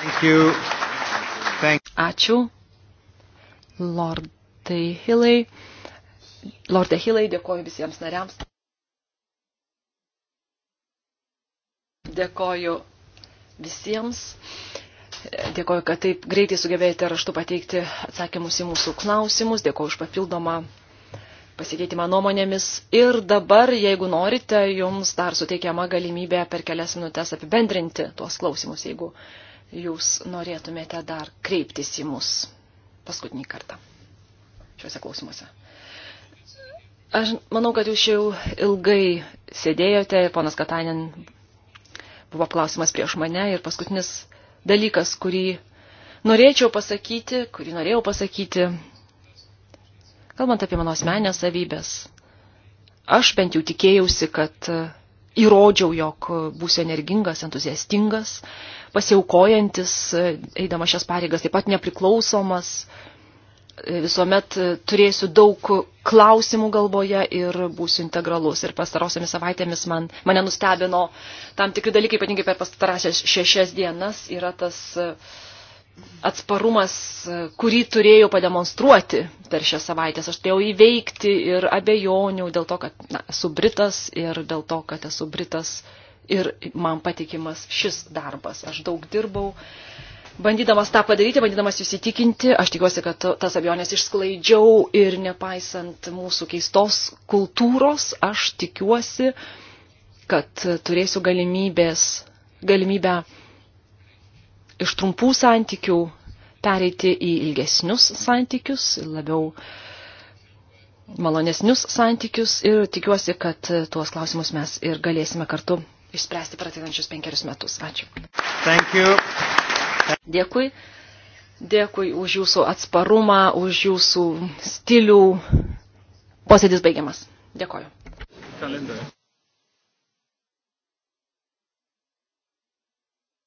Thank you. Thank Ačiū. Lordai Hilai. Lorde Hilai, dėkoju visiems nariams. Dėkoju visiems. Dėkoju, kad taip greitai sugebėjote raštu pateikti atsakymus į mūsų klausimus. Dėkoju už papildomą pasikeitimą nuomonėmis. Ir dabar, jeigu norite, jums dar suteikiama galimybė per kelias minutės apibendrinti tuos klausimus, jeigu jūs norėtumėte dar kreiptis į mus paskutinį kartą šiuose klausimuose. Aš manau, kad jūs jau ilgai sėdėjote ir ponas Katainen buvo klausimas prieš mane ir paskutinis dalykas, kurį norėčiau pasakyti, kurį norėjau pasakyti, kalbant apie mano asmenės savybės. Aš bent jau tikėjausi, kad įrodžiau, jog būsiu energingas, entuziastingas, pasiaukojantis, eidamas šias pareigas, taip pat nepriklausomas. Visuomet turėsiu daug klausimų galvoje ir būsiu integralus. Ir pastarosiamis savaitėmis man, mane nustebino tam tikri dalykai, ypatingai per pastarąsias šešias dienas, yra tas uh, atsparumas, e, kurį turėjau pademonstruoti per šią savaitę. Aš turėjau įveikti ir abejonių dėl to, kad na, esu Britas ir dėl to, kad esu Britas ir man patikimas šis darbas. Aš daug dirbau, bandydamas tą padaryti, bandydamas jūs įtikinti. Aš tikiuosi, kad tas abejonės išsklaidžiau ir nepaisant mūsų keistos kultūros, aš tikiuosi, kad turėsiu galimybės, galimybę iš trumpų santykių pereiti į ilgesnius santykius, labiau malonesnius santykius ir tikiuosi, kad tuos klausimus mes ir galėsime kartu išspręsti per ateinančius penkerius metus. Ačiū. Thank you. Dėkui. Dėkui už jūsų atsparumą, už jūsų stilių. Posėdis baigiamas. Dėkoju. Kalendorius.